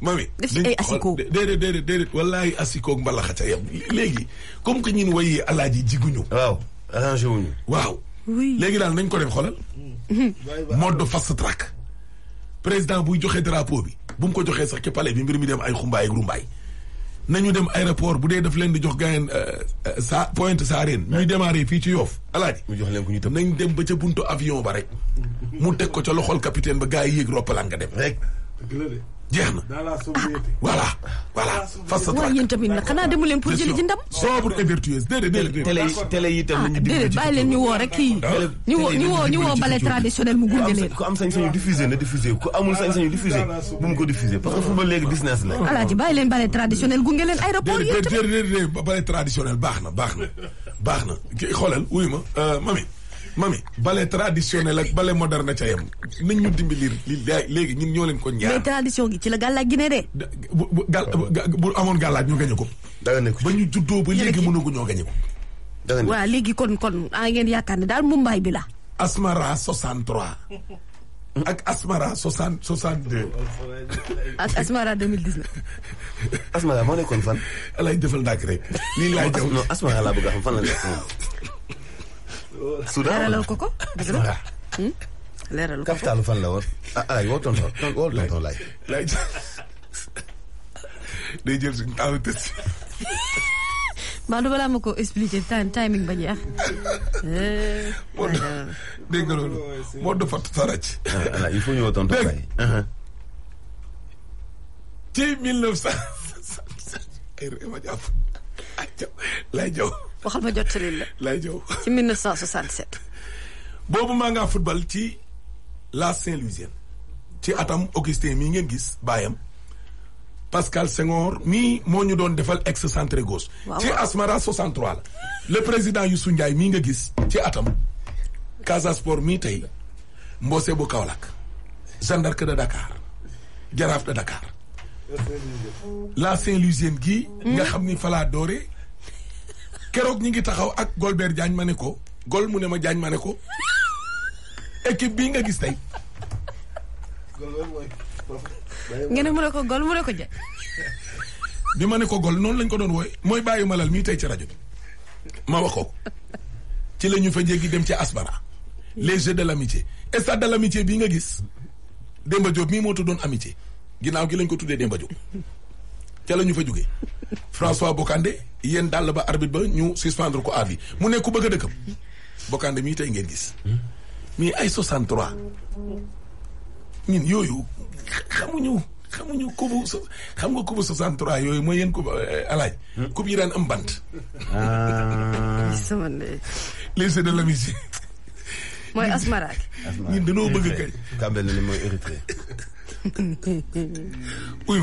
mami def ci ay asiko déedéet déedéet déedéet walaay asikoog mbalaxa ca yam léegi comme que ñun wayi alaaji jiguñu waaw arrangé wuñu waaw léegi daal nañ ko def xoolal mm-hmm. mode fast track président buy joxe drapeau bi bu mu ko joxee sax ci palais bi mbir mi dem ay xumbaay ak rumbaay nañu dem aéroport bu dee daf leen di jox gaayen euh, euh, sa Pointe Sarène ñuy démarrer fii ci Yoff alaaji mu jox leen ku ñu tëb nañ dem ba ca buntu avion ba rek mu teg ko ca loxol capitaine ba gars yi yéeg roppalaan nga dem rek jeex na ah, voilà voilà fas waaw yéen tamit nag xanaa demu leen pour jëli ci ndam. sobre et ah, leen ñu woo rek kii. ñu woo am sañ-sañu diffusé na diffusé ku amul sañ-sañu diffusé bu mu ko diffusé parce que fu ba léegi business la. alaaji bàyyi leen baax na baax na baax na xoolal wuyu euh, mami. mami bale traditionnel ak ballet moderne ca yam nañ ñu dimbali li léegi ñun ñoo leen ko ñaar. mais tradition gi ci la gàllaaj gi ne de. bu bu bu amoon gàllaaj ñu gañe ko. danga ne ko ba ñu juddoo ba léegi mënagu ñoo gañe ko. danga ne waaw léegi kon kon a ngeen yaakaar ne daal mumbaay bi la. Asmara 63. ak Asmara 60 62. ak Asmara 2019. Asmara moo nekkoon fan. alaay defal ndàkk rek. lii laay jaw Asmara laa bëgg a fan la nekk moom. Soudan leeralal ko ko. bisimilah. Hmm? leeralal ko ko kapitaalu fan la woon. ah Alaaji woo tonton woo tonton laaj. laaj balaa ma ko expliquer timing ba jeex. Maodo eh, dégg nga loolu Maodo Fatou Saraj. voilà ñu woo tonton Baye. ci mille neuf cent. ay réew ma jàpp. ay waxal ma jottali la. lay jow ci 1967. boobu maa ngaa football ci la Saint-Louisienne ci atam Augustin mii ngeen gis baayam Pascal Senghor mii moo ñu doon defal ex centre gauche. ci Asmara 63 la. le président Youssou Ndiaye mii nga gis ci atam Casa Sport mii tey Mbose bu Kaolack. Jeanne d'Arc de Dakar Jaraaf de Dakar. la Saint-Louisienne gi nga mm. xam ni falaa doore keroog ñu ngi taxaw ak Golbert Diagne ma ne ko gol mu ne ma Diagne ma ne ko équipe bii nga gis tey. nga ne mu ne ko gol mu ne ko ja. bi ma ne ko gol noonu lañ ko doon wooy mooy bàyyi malal mii tey ci rajo bi ma wax ko ci la ñu fa jéggi dem ci Asbara. les jeux de l' amitié stade de l' amitié bii nga gis Demba Diop mii moo tuddoon amitié ginnaaw gi lañ ko tuddee Demba Diop ca la ñu fa jóge François Bocandé yéen dàll ba arbitre ba ñu suspendre ko à vie mu nekk ku bëgg a dëkkam Bocandé mii tey ngeen gis mais ay 63 ñun yooyu xamuñu xamuñu kubu xam nga kubu 63 yooyu mooy yéen kub eh, alaaj hmm? kub yi daan am bant. Ah. les de la musique. mooy asmaraak. ñun dañoo bëgg kay. Kambel ni mooy Érythrée. uy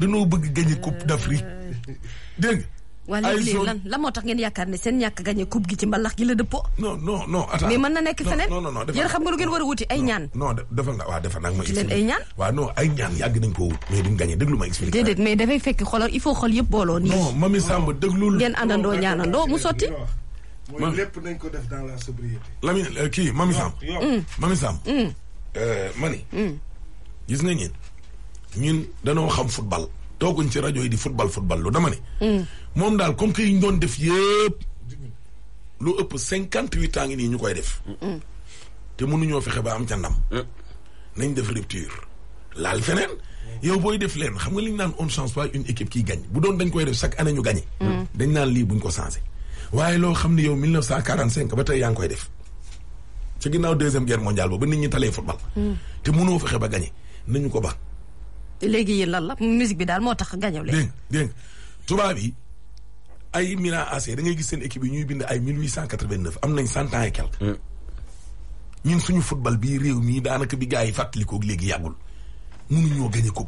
danoo bëgg gagné coupe euh, d'Afrique euh. dégg nga. ay zone lan la moo tax ngeen yaakaar ne seen ñàkk gagné coupe gi ci mbalax gi la dëppoo. non non non attends na nekk feneen. non non non yéen xam nga lu ngeen war a wuti ay ñaan. non defal nga waaw defal naa ma expliqué. leen ay ñaan waaw non ay ñaan yàgg nañ koo wut. mais duñ gagné déglu ma expliqué. déedéet mais dafay fekk xoolal il faut xool yëpp booloo nii. non mami Samb déglul. ngeen àndandoo ma euh, mm. mm. ni mm. gis nga ñeen ñun danoo xam football tooguñ ci rajo yi di football football lu dama ne. Hmm. moom daal comme kii yi ñu doon def yëpp. lu ëpp cinquante huit ans ngi nii ñu koy def. Hmm. te mënuñoo fexe ba am ca ndam. Hmm. nañ def rupture. laal feneen. yow booy def leen xam nga li ñu naan on change pas une équipe qui gagne bu doon dañ koy def chaque année ñu gagné. dañ naan lii buñ ko changé. waaye loo xam ne yow 1945 ba tey yaa ngi koy def. ci ginnaaw deuxième guerre ba ba nit ñi talee football. te mënoo fexe ba gagné nañu ko léegi yéen lan la musique bi daal moo tax gañaw léegi. dégg nga yi ay Milan AC da ngay gis seen équipe yi ñuy bind ay mille huit cent quatre vingt neuf am nañ cent ans et quelque. Mm. ñun suñu football bi réew mii daanaka bi gars yi fàttalikoog léegi yàggul mënuñoo gañe ko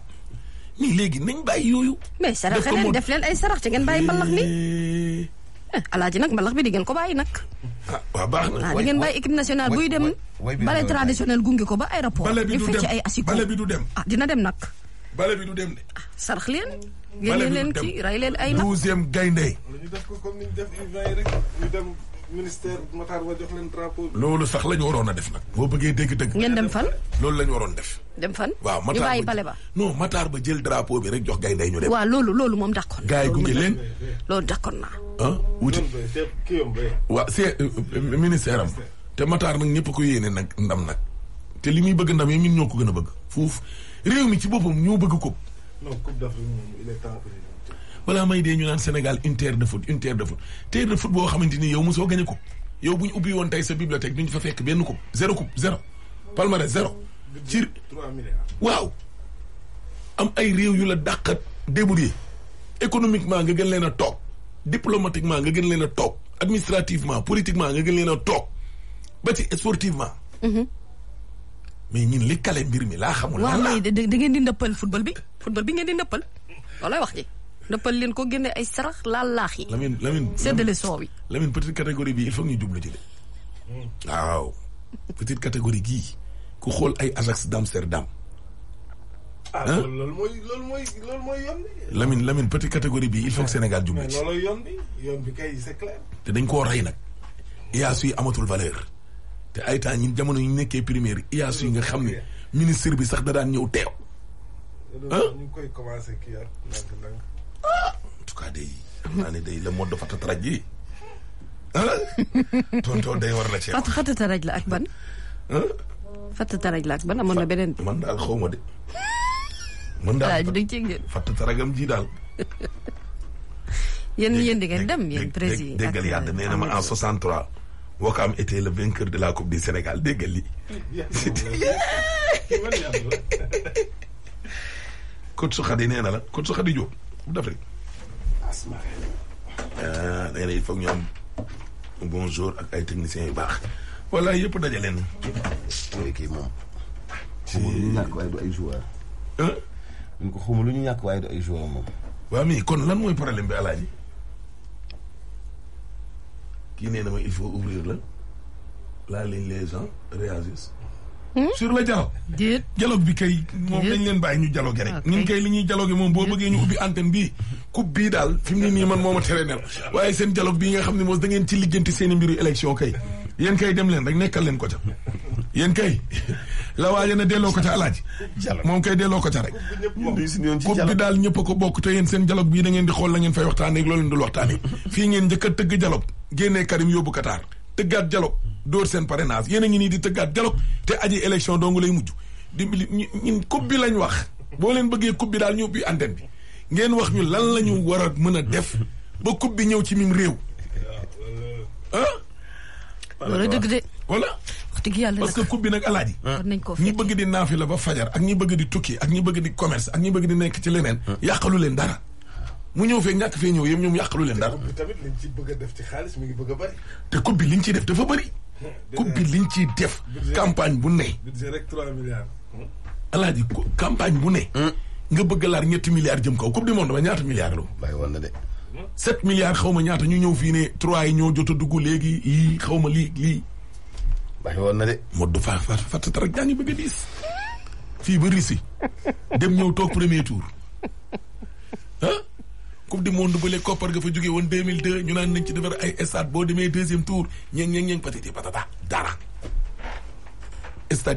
mais léegi nañ bàyyi yooyu. mais sarax leen def leen ay sarax ci ngeen bàyyi eh. mbalax mi. Eh, alaaji nag mbalax bi di ngeen ko bàyyi nag. ah waaw baax na. Ah, di ngeen bàyyi équipe buy dem. ballet traditionnel gunge ko ba aéroport. ñu fecc ay asiko bale du dem. ah dina dem nag. bale bi du dem de. sarax leen. bale bi dem génne leen ci rey leen ay nag. gaynde. ñu def ko comme ni ñu def Ibrahima rek ñu dem loolu sax lañu waroon a def nag. boo bëggee dëgg dëgg ngeen dem fan. loolu lañu waroon def. dem fan. waaw Matar ñu bàyyi bale ba. Matar ba jël drapeau bi rek jox gaynde ñu dem. waaw loolu loolu moom d'accord. gaa yi gunge leen. loolu d'accord naa. ah wuti. waaw c'est euh, euh, ministère am. te Matar nag ñëpp ko yéene nag ndam nag. te li muy bëgg ndam yi ñun ñoo ko gën a bëgg fuuf réew mi ci boppam ñoo bëgg coupe. non coupe d'Afrique moom il est temps balaa may dee ñu naan Sénégal une terre de foot une terre de foot terre de foot boo xamante ni yow soo gagné coupe yow bu ñu ubbi woon tey sa bibliothèque ñu fa fekk benn coupe zéro coupe zéro palmarès zéro. ci waaw am ay réew yu la dàqat yi économiquement nga gën leen a toog diplomatiquement nga gën leen a toog administrativement politiquement nga gën leen a toog ba ci sportivement. Mm-hmm. mais ñun li kale mbir mi laa xamul. lan la waaw mais da ngeen di ndëppal football bi football bi ngeen di ndëppal loolay wax ji. ndëppal leen ko génne ay sarax laal laax yi. Lamine Lamine seddale soow yi. Lamine petite catégorie bi il faut ñu jublu ci de. waaw petite catégorie gii ku xool ay Ajax d'Amsterdam. ah loolu mooy loolu mooy loolu mooy yoon bi. Lamine Lamine petite catégorie bi il faut que Sénégal jublu ci. mais loolu yoon bi yoon bi kay c'est clair. te dañ koo rey nag. yaa suy amatul valeur. te ay temps ñun jamono ñu nekkee primaire IAS yi nga xam ne ministre bi sax da daan ñëw teew. ah ñu ngi koy commencé kii yar ndànk ah! xam naa ne day le mode de fatataraj yi ah tonton day war na cee. fat fatataraj la ak ban. fatataraj la ak ban amoon na beneen. man daal xaw ma de. man daal fatatarajam ji daal. yéen yéen di ngeen dem yéen président. déggal yàlla nee na ma en 63. Wakam était le vainqueur de la Coupe du Sénégal dégg nga lii. Côte su Xadi nee na la Côte su Xadi Diop daf rek. ah nee na il faut ñu am bonjour ak ay techniciens yu baax. voilà yëpp daje leen. mooy kii moom. ci xaw ma lu ay joueurs. ah. ko xaw ma lu ñu ñàkk waaye du ay joueurs moom. waa kon lan mooy problème bi Alaaji. kii nee na ma il faut la la ligne hmm? le dialogue. déet dialogue bi kay. moom dañ leen bàyyi ñu dialogue rek. Ah, ñun kay li ñuy dialogue moom boo bëggee ñu ubbi antenne bii. coupe bii daal fi nii man moo ma tere nel waaye seen dialogue bii nga xam ci lijjanti seen i mbiru élection kay. yéen kay leen ko ca. yéen kay la waaye na delloo ko ca alaaji. moom kay delloo ko ca rek. coupe bi daal ñëpp a bokk te seen dialogue bii da di xool la ngeen fay waxtaanee ak loolu leen dul waxtaanee. fii ngeen njëkk a tëgg dialogue génnee Karim yóbbu Qatar tëggaat dialogue dóor seen parrainage yéen a ngi nii di tëggaat dialogue te aji élection dong lay mujj di ñun coupe bi lañu wax boo leen bëggee coupe bi daal ñu ubbi antenne bi ngeen wax ñu lan la ñu war a mën a def ba coupe bi ñëw ci mim réew ah loolu dëgg de voilà wax dëgg yàlla parce que coupe bi nag alaaji ñi bëgg di naafi la ba fajar ak ñi bëgg di tukki ak ñi bëgg di commerce ak ñi bëgg di nekk ci leneen yàqalu leen dara mu ñëw fee ñàkk fee ñëw yéen ñoom yàqalu leen dara. tamit liñ ci bëgg a def ci xaalis mi ngi bëgg a bëri. te coupe bi liñ def dafa bëri. coupe bi liñ ciy def. campagne bu ne. budget rek 3 milliards. alaaji campagne bu ne. Hmm. nga bëgg laar ñetti milliards jëm kaw coupe du monde ba ñaata milliards la. bàyyi woon na de. 7 milliards xaw ma ñaata ñu ñëw fii ne 3 yi ñoo jot a dugg léegi yii xaw ma li lii. bàyyi woon na de. Modou Fa Fa Fatou Tara ñaa ngi bëgg a diis. fii ba Russie dem ñëw toog premier tour ah. coupe du monde ba léegi koppar ga fa jógee woon 2002 ñu naan nañ ci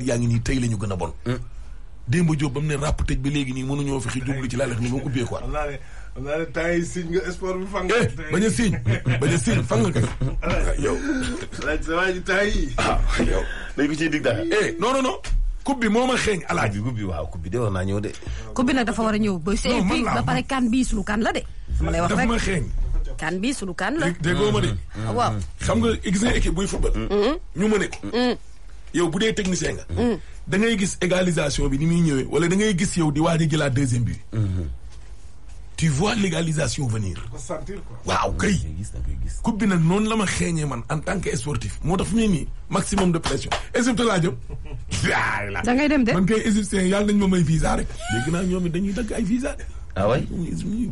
yaa ngi nii tey la ñu gën a bon. Hmm. Demba Diop ba ne ràpp tëj léegi nii mënuñoo fexe jublu ci laa lex ni moom ubbee quoi. xam naa ne temps yii signe nga sport bi fang. Eh, bañ a signe a signe fang nga. yow. laaj sa waa ah, eh, bi moo ma xeeñ alaaj bi bi waaw coupe bi de war naa ñëw de. coupe nag dafa war a ñëw. ba man ba pare kan bii sunu kan la de. ma lay wax ma xeeñ. kan bi sunu kan la. déggoo ma de. Ah, waaw xam nga gis nga équipe buy football. Mm-hmm. ñu mëne ko. Mm-hmm. yow bu dee technicien nga. Mm-hmm. ngay gis égalisation bi ni muy ñëwee wala da ngay gis yow di waaj a jëlaat deuxième bi. tu vois l'égalisation venir. waaw kay. coupe bi nag noonu la ma xeeñee man en tant que sportif moo tax ñu nii maximum de pression Égypte laa jëm. da dem de man kay égyptien yàlla nañ ma may visa rek. dégg naa ñoom it dañuy dagg ay visa de. ah waay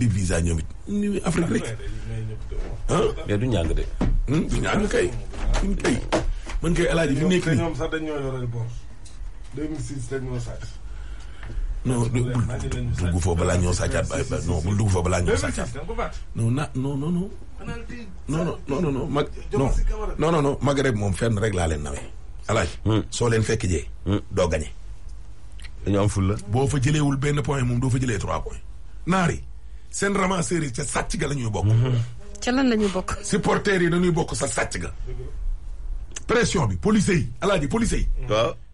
di visa ñoom it Afrique rek ah. mais du ñàng de. Hmm? du ñàng kay. du kay man kay alaaji fi mu nekk nii ñoom sax dañ ñoo yoreel bor na non non non non non moom fen rek laa leen nawee alaaj hmm. soo leen fekk jee hmm. doo gañe dañoo am ful la boo fa jëleewul benn point moom doo fa jëlee trois points naar yi seen ramasseurs yi ca sàcc ga la ñuy bokk. Mhm. ca lan la ñuy bokk. supporters yi dañuy bokk sa sàcc ga. pression bi policiers alaaj alaaji yi. waaw.